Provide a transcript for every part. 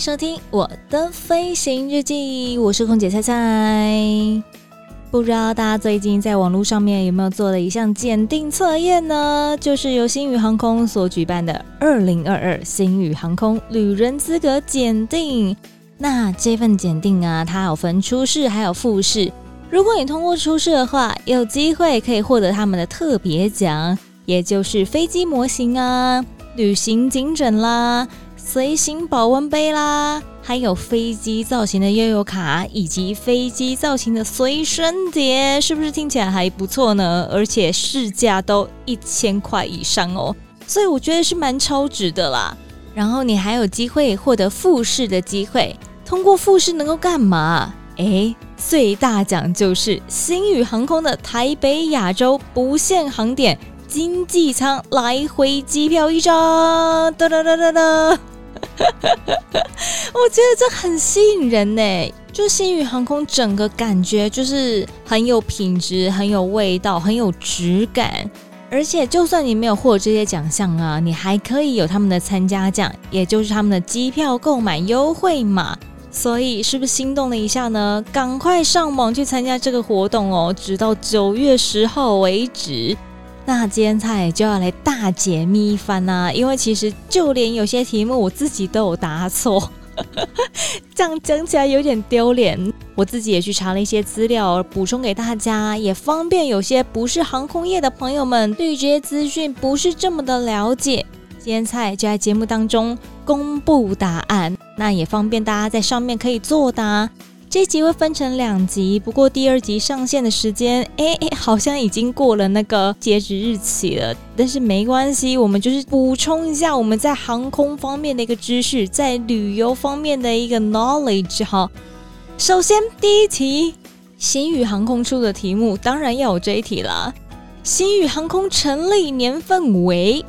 收聽我的飛行日記，我是空姐菜菜。不知道大家最近在網路上面有沒有做了一項檢定測驗呢？就是由星宇航空所舉辦的二零二二星宇航空旅人資格檢定。那這份檢定啊，它有分初試還有複試。如果你通過初試的話，有機會可以獲得他們的特別獎，也就是飛機模型啊、旅行頸枕啦。隨行保溫杯啦，還有飛機造型的悠遊卡，以及飛機造型的隨身碟，是不是聽起來還不錯呢？而且市價都一千塊以上哦，所以我覺得是蠻超值的啦。然後你還有機會獲得複試的機會，通過複試能夠幹嘛？哎、欸，最大獎就是星宇航空的台北亞洲不限航點經濟艙來回機票一張。噠噠噠噠噠。 我覺得這很吸引人呢，就星宇航空整個感覺就是很有品質、很有味道、很有質感。而且就算你沒有獲這些獎項啊，你還可以有他們的參加獎，也就是他們的機票購買優惠嘛。所以是不是心動了一下呢？趕快上網去參加這個活動哦，直到九月十號為止。那今天菜就要來大解密一番吶，因為其實就連有些題目我自己都有答錯，這樣講起來有點丟臉。我自己也去查了一些資料補充給大家，也方便有些不是航空業的朋友們對於這些資訊不是這麼的了解。今天菜就在節目當中公布答案，那也方便大家在上面可以作答。這一集會分成兩集，不過第二集上線的時間，哎，好像已經過了那個截止日期了。但是沒關係，我們就是補充一下我們在航空方面的一個知識，在旅遊方面的一個 knowledge 哈。首先第一題，星宇航空出的題目，當然要有這一題啦。星宇航空成立年份為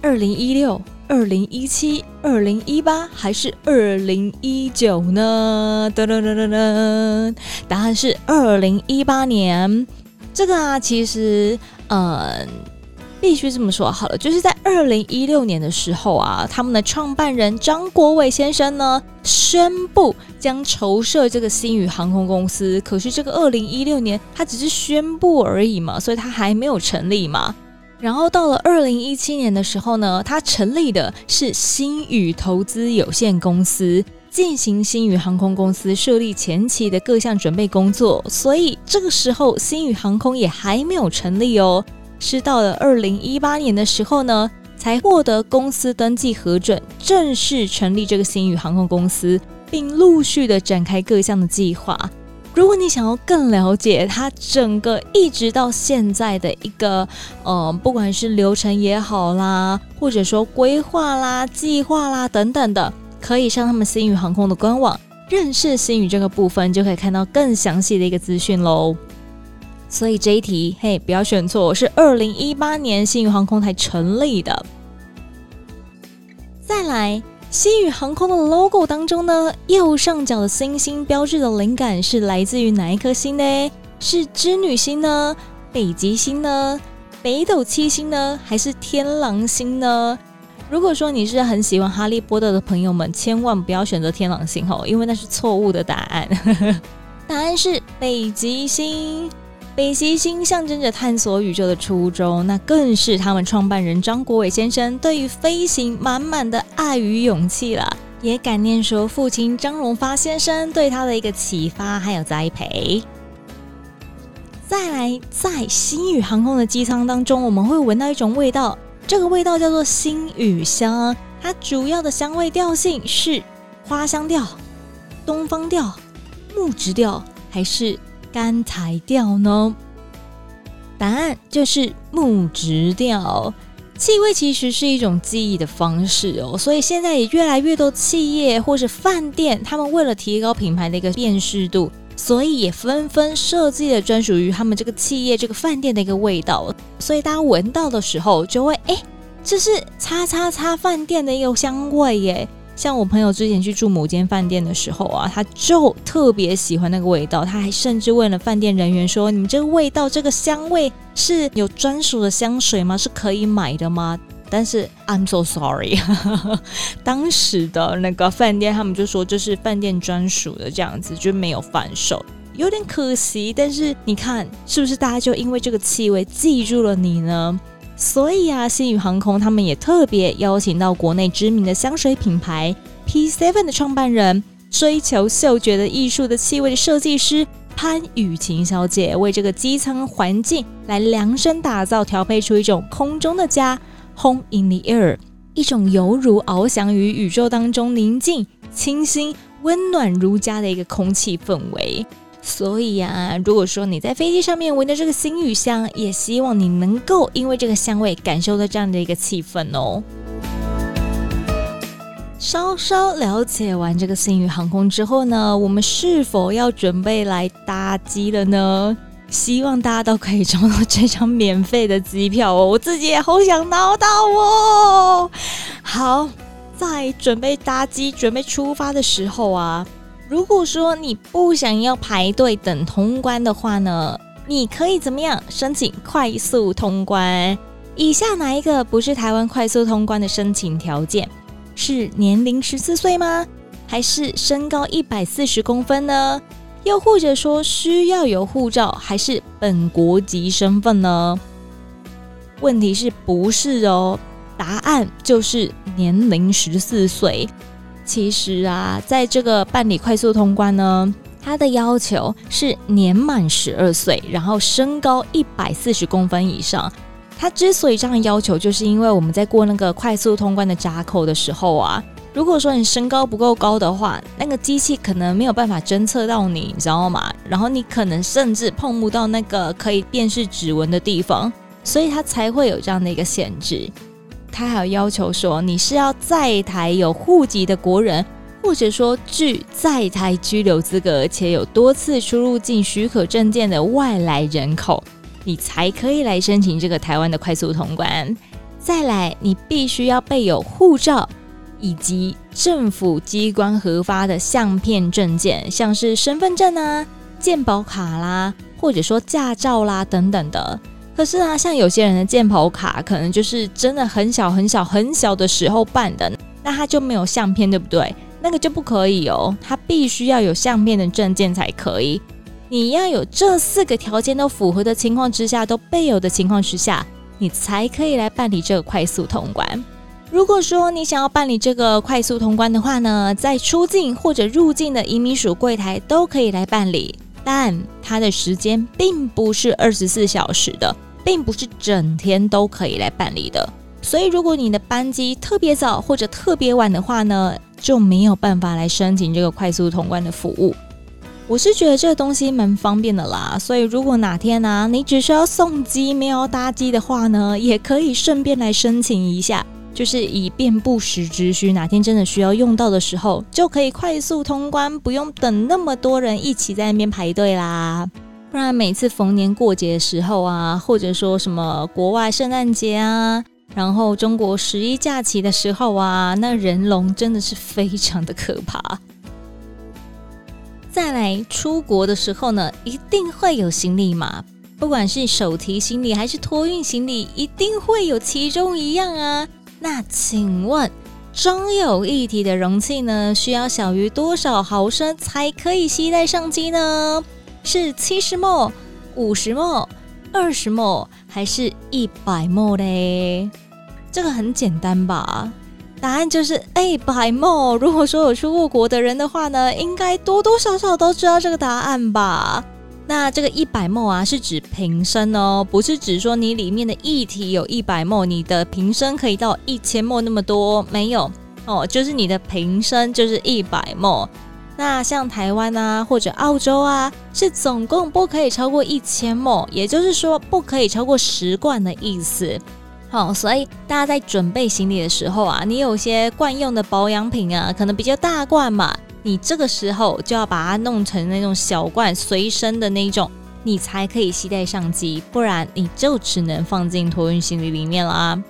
二零一六、二零一七、二零一八還是二零一九呢？噔噔噔噔噔，答案是二零一八年。這個啊，其實嗯，必須這麼說好了，就是在二零一六年的時候啊，他們的創辦人張國煒先生呢，宣布將籌設這個星宇航空公司。可是這個二零一六年他只是宣布而已嘛，所以他還沒有成立嘛。然後到了二零一七年的時候呢，它成立的是星宇投資有限公司，進行星宇航空公司設立前期的各項準備工作。所以這個時候，星宇航空也還沒有成立哦，是到了二零一八年的時候呢，才獲得公司登記核准，正式成立這個星宇航空公司，並陸續的展開各項的計劃。如果你想要更了解它整個一直到現在的一個，嗯、呃，不管是流程也好啦，或者說規劃啦、計劃啦等等的，可以上他們星宇航空的官網認識星宇這個部分，就可以看到更詳細的一個資訊嘍。所以這一題，嘿，不要選錯，是二零一八年星宇航空才成立的。再來。星宇航空的 logo 當中呢，右上角的星星標誌的靈感是來自於哪一顆星呢？是織女星呢？北極星呢？北斗七星呢？還是天狼星呢？如果說你是很喜歡哈利波特的朋友們，千萬不要選擇天狼星哦，因為那是錯誤的答案。 答案是北極星。北極星象徵着探索宇宙的初衷，那更是他們創辦人張國煒先生對於飛行滿滿的愛與勇氣了。也感念說，父親張榮發先生對他的一個啟發還有栽培。再來，在星宇航空的機艙當中，我們會聞到一種味道，這個味道叫做星宇香，它主要的香味調性是花香調、東方調、木質調，還是？乾柴調呢？答案就是木質調。氣味其實是一種記憶的方式哦，所以現在也越來越多企業或是飯店，他們為了提高品牌的一個辨識度，所以也紛紛設計了專屬於他們這個企業、這個飯店的一個味道。所以大家聞到的時候，就會哎，這是叉叉叉飯店的一個香味耶。像我朋友之前去住某間飯店的時候啊，他就特別喜歡那個味道，他還甚至問了飯店人員說：“你們這個味道、這個香味是有專屬的香水嗎？是可以買的嗎？”但是 I'm so sorry， 當時的那個飯店他們就說這是飯店專屬的，這樣子就沒有販售，有點可惜。但是你看是不是大家就因為這個氣味記住了你呢？所以啊，星宇航空他們也特別邀請到國內知名的香水品牌 P Seven 的創辦人，追求嗅覺的藝術的氣味的設計師潘雨晴小姐，為這個機艙環境來量身打造，調配出一種空中的家 Home in the Air，一種猶如翱翔於宇宙當中寧靜、清新、溫暖如家的一個空氣氛圍。所以呀、啊，如果說你在飛機上面聞到這個星宇香，也希望你能夠因為這個香味感受到這樣的一個氣氛哦。稍稍了解完這個星宇航空之後呢，我們是否要準備來搭機了呢？希望大家都可以抽到這張免費的機票哦，我自己也好想拿到哦。好，在準備搭機、準備出發的時候啊。如果說你不想要排隊等通關的話呢，你可以怎麼樣申請快速通關？以下哪一個不是台灣快速通關的申請條件？是年齡十四歲嗎？還是身高一百四十公分呢？又或者說需要有護照，還是本國籍身份呢？問題是不是哦？答案就是年齡十四歲。其實啊，在這個辦理快速通關呢，它的要求是年滿十二歲，然後身高一百四十公分以上。它之所以這樣的要求，就是因為我們在過那個快速通關的閘口的時候啊，如果說你身高不夠高的話，那個機器可能沒有辦法偵測到你，你知道嗎？然後你可能甚至碰不到那個可以辨識指紋的地方，所以它才會有這樣的一個限制。他還有要求說，你是要在台有戶籍的國人，或者說具在台居留資格，且有多次出入境許可證件的外來人口，你才可以來申請這個台灣的快速通關。再來，你必須要備有護照，以及政府機關核發的相片證件，像是身份證啊、健保卡啦，或者說駕照啦等等的。可是啊，像有些人的健保卡，可能就是真的很小很小很小的時候辦的，那他就沒有相片，對不對？那個就不可以哦，他必須要有相片的證件才可以。你要有這四個條件都符合的情況之下，都備有的情況之下，你才可以來辦理這個快速通關。如果說你想要辦理這個快速通關的話呢，在出境或者入境的移民署櫃台都可以來辦理。但它的時間並不是二十四小時的，並不是整天都可以來辦理的。所以，如果你的班機特別早或者特別晚的話呢，就沒有辦法來申請這個快速通關的服務。我是覺得這個東西蠻方便的啦，所以如果哪天啊，你只需要送機，沒有搭機的話呢，也可以順便來申請一下。就是以便不時之需，哪天真的需要用到的時候，就可以快速通關，不用等那麼多人一起在那邊排隊啦。不然每次逢年過節的時候啊，或者說什麼國外聖誕節啊，然後中國十一假期的時候啊，那人龍真的是非常的可怕。再來出國的時候呢，一定會有行李嘛，不管是手提行李還是託運行李，一定會有其中一樣啊。那請問，裝有液體的容器呢，需要小於多少毫升才可以攜帶上機呢？是七十沫、五十沫、二十沫，還是一百沫嘞？這個很簡單吧？答案就是一百沫。如果說有出國的人的話呢，應該多多少少都知道這個答案吧。那這個一百 ml 啊，是指瓶身哦，不是指說你裡面的液體有一百 ml，你的瓶身可以到一千 ml 那麼多，沒有哦，就是你的瓶身就是一百 ml。那像台灣啊或者澳洲啊，是總共不可以超過一千 ml，也就是說不可以超過十罐的意思。哦，所以大家在準備行李的時候啊，你有些慣用的保養品啊，可能比較大罐嘛。你這個時候就要把它弄成那種小罐隨身的那種，你才可以攜帶上機，不然你就只能放進託運行李裡面啦啊。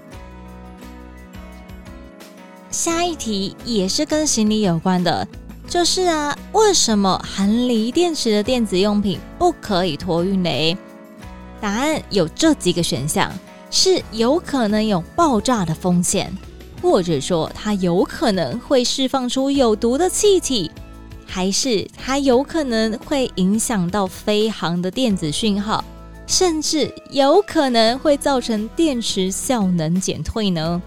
下一題也是跟行李有關的，就是啊，為什麼含鋰電池的電子用品不可以託運呢？答案有這幾個選項，是有可能有爆炸的風險。或者說它有可能會釋放出有毒的氣體，還是它有可能會影響到飛航的電子訊號，甚至有可能會造成電池效能減退呢？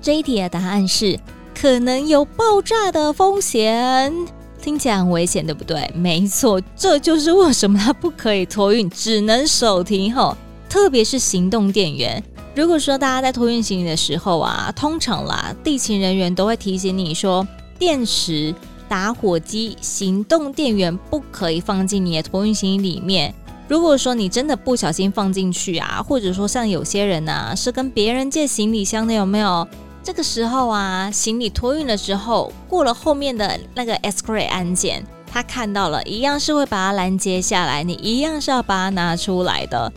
這一題的答案是可能有爆炸的風險，聽起來很危險，對不對？沒錯，這就是為什麼它不可以托運，只能手提吼，特別是行動電源。如果說大家在托運行李的時候啊，通常啦，地勤人員都會提醒你說，電池、打火機、行動電源不可以放進你的托運行李裡面。如果說你真的不小心放進去啊，或者說像有些人吶、啊，是跟別人借行李箱的，有沒有？這個時候啊，行李托運的時候，過了後面的那個 X-ray 安檢，他看到了，一樣是會把它攔截下來，你一樣是要把它拿出來的。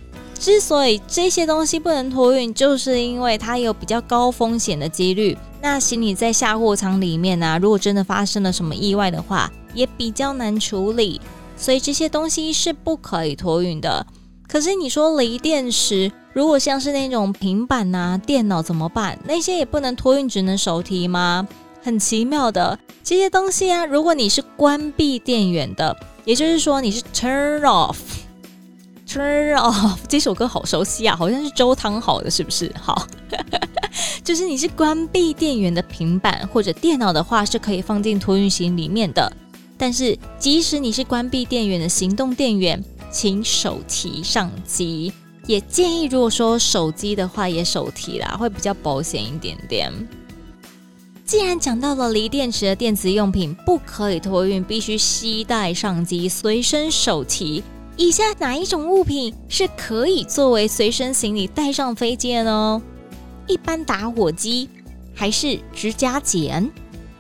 之所以這些東西不能託運，就是因為它有比較高風險的幾率。那行李在下貨艙裡面呢、啊，如果真的發生了什麼意外的話，也比較難處理。所以這些東西是不可以託運的。可是你說鋰電池，如果像是那種平板啊、電腦怎麼辦？那些也不能託運，只能手提嗎？很奇妙的這些東西啊，如果你是關閉電源的，也就是說你是 turn off。Oh, 這首歌好熟悉啊，好像是周湯豪的，是不是？好， 就是你是關閉電源的平板或者電腦的話，是可以放進託運行裡面的。但是即使你是關閉電源的行動電源，請手提上機。也建議，如果說手機的話，也手提啦，會比較保險一點點。既然講到了鋰電池的電子用品不可以託運，必須攜帶上機，隨身手提。以下哪一種物品是可以作為隨身行李帶上飛機的呢？一般打火機，還是指甲剪、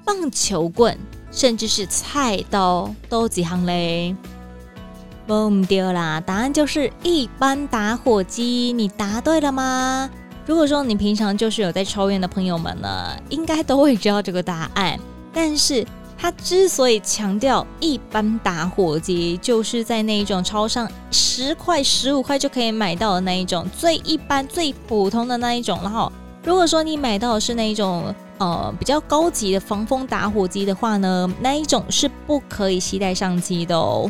棒球棍，甚至是菜刀都幾行嘞 b o 掉啦！答案就是一般打火機。你答對了嗎？如果說你平常就是有在抽菸的朋友們呢，應該都會知道這個答案。但是他之所以強調一般打火機，就是在那一種超商十塊十五塊就可以買到的那一種最一般最普通的那一種。然後，如果說你買到的是那一種呃比較高級的防風打火機的話呢，那一種是不可以攜帶上機的哦。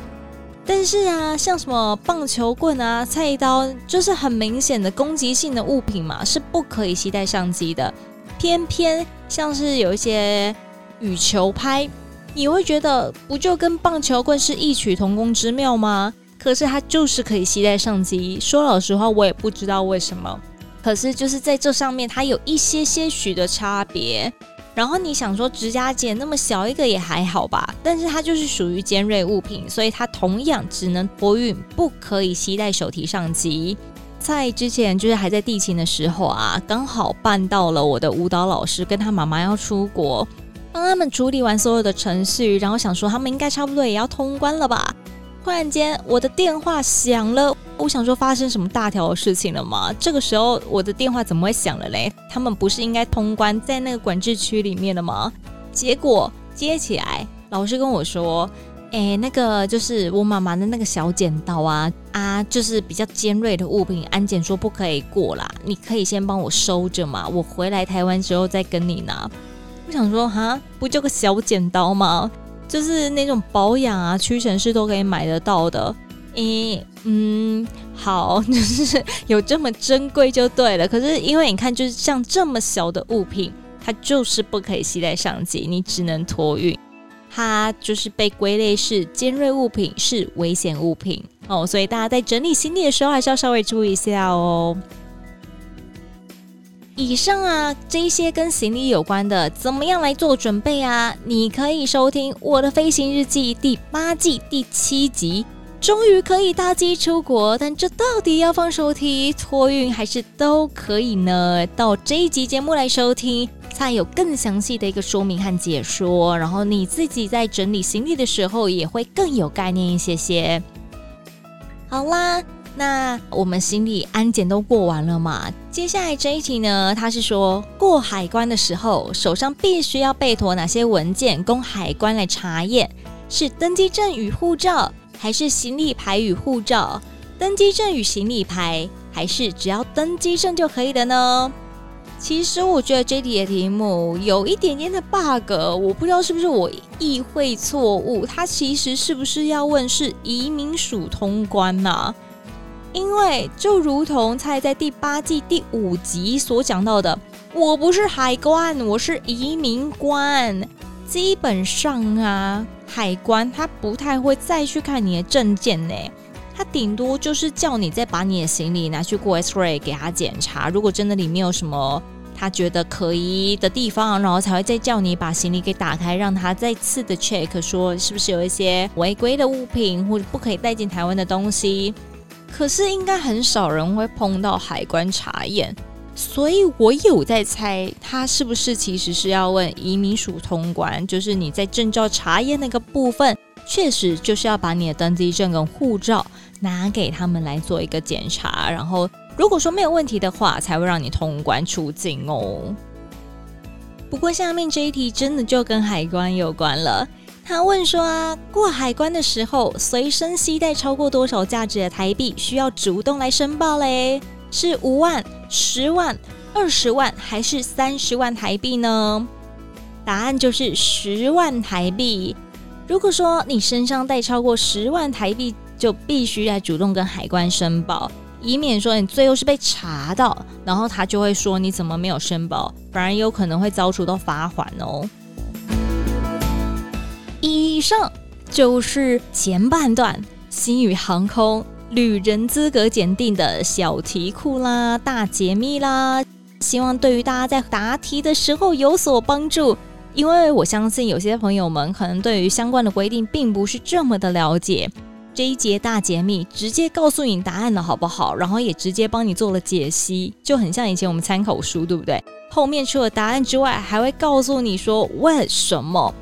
但是啊，像什麼棒球棍啊、菜刀，就是很明顯的攻擊性的物品嘛，是不可以攜帶上機的。偏偏像是有一些羽球拍。你會覺得不就跟棒球棍是異曲同工之妙嗎？可是它就是可以攜帶上機。說老實話，我也不知道為什麼。可是就是在這上面，它有一些些許的差別。然後你想說指甲剪那麼小一個也還好吧？但是它就是屬於尖銳物品，所以它同樣只能託運，不可以攜帶手提上機。在之前就是還在地勤的時候啊，剛好辦到了我的舞蹈老師跟他媽媽要出國。幫他們處理完所有的程序，然後想說他們應該差不多也要通關了吧。突然間，我的電話響了，我想說發生什麼大條的事情了嗎？這個時候我的電話怎麼會響了嘞？他們不是應該通關在那個管制區裡面了嗎？結果接起來，老師跟我說：“哎、欸，那個就是我媽媽的那個小剪刀啊啊，就是比較尖銳的物品，安檢說不可以過啦。你可以先幫我收着嘛，我回來台灣之後再跟你拿。”我想說，哈，不就個小剪刀嗎？就是那種保養啊、屈臣氏都可以買得到的。咦、欸，嗯，好，就 是有這麼珍貴就對了。可是因為你看，就是像這麼小的物品，它就是不可以攜帶上機，你只能托運。它就是被歸類是尖銳物品，是危險物品。哦，所以大家在整理行李的時候，還是要稍微注意一下哦。以上啊，這些跟行李有關的，怎麼樣來做準備啊？你可以收聽我的飛行日記第八季第七集，終於可以搭機出國，但這到底要放手提、托運還是都可以呢？到這一集節目來收聽，才有更詳細的一個說明和解說。然後你自己在整理行李的時候，也會更有概念一些些。好啦。那我們行李安檢都過完了嘛？接下來這一題呢？他是說過海關的時候，手上必須要備妥哪些文件供海關來查驗？是登機證與護照，還是行李牌與護照？登機證與行李牌，還是只要登機證就可以了呢？其實我覺得這一題的題目有一點點的 bug，我不知道是不是我意會錯誤。他其實是不是要問是移民署通關呢、啊？因為就如同菜在第八季第五集所講到的，我不是海關，我是移民官。基本上啊，海關他不太會再去看你的證件呢，他頂多就是叫你再把你的行李拿去過 X-ray 給他檢查。如果真的裡面有什麼他覺得可疑的地方，然後才會再叫你把行李給打開，讓他再次的 check，說是不是有一些違規的物品或者不可以帶進台灣的東西。可是應該很少人會碰到海關查驗，所以我有在猜他是不是其實是要問移民署通關，就是你在證照查驗那個部分，確實就是要把你的登機證跟護照拿給他們來做一個檢查，然後如果說沒有問題的話，才會讓你通關出境哦。不過下面這一題真的就跟海關有關了。他問說：“啊，過海關的時候，隨身攜帶超過多少價值的台幣需要主動來申報嘞？是五萬、十萬、二十萬，還是三十萬台幣呢？”答案就是十萬台幣。如果說你身上帶超過十萬台幣，就必須來主動跟海關申報，以免說你最後是被查到，然後他就會說你怎麼沒有申報，反而有可能會遭受到罰款哦。上就是前半段星宇航空旅人資格檢定的小題庫啦、大解密啦，希望對於大家在答題的時候有所幫助。因為我相信有些朋友們可能對於相關的規定並不是這麼的了解，這一節大解密直接告訴你答案的好不好？然後也直接幫你做了解析，就很像以前我們參考書，對不對？後面除了答案之外，還會告訴你說為什麼。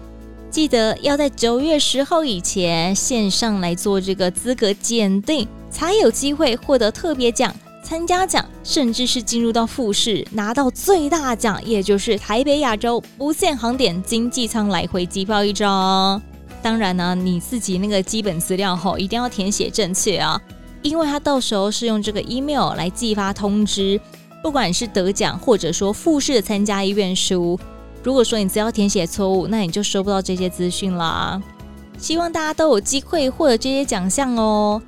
記得要在九月十號以前線上來做這個資格檢定，才有機會獲得特別獎、參加獎，甚至是進入到複試，拿到最大獎，也就是台北亞洲不限航點經濟艙來回機票一張。當然呢、啊，你自己那個基本資料吼一定要填寫正確啊，因為他到時候是用這個 email 來寄發通知，不管是得獎或者說複試的參加意願書。如果說你只要填寫錯誤，那你就收不到這些資訊啦。希望大家都有機會獲得這些獎項哦。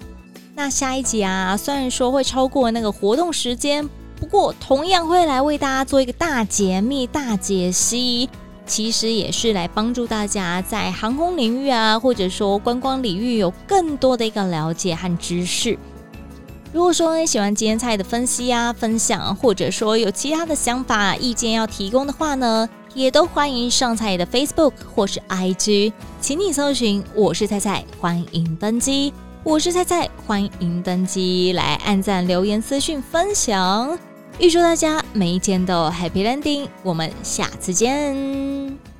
那下一集啊，雖然說會超過那個活動時間，不過同樣會來為大家做一個大解密、大解析。其實也是來幫助大家在航空領域啊，或者說觀光領域有更多的一個了解和知識。如果說你喜歡今天菜的分析啊、分享啊，或者說有其他的想法、意見要提供的話呢？也都歡迎上菜的 Facebook 或是 IG，請你搜尋我是菜菜，歡迎登機。我是菜菜，歡迎登機來按讚、留言、私訊、分享。預祝大家每一天都 Happy Landing，我們下次見。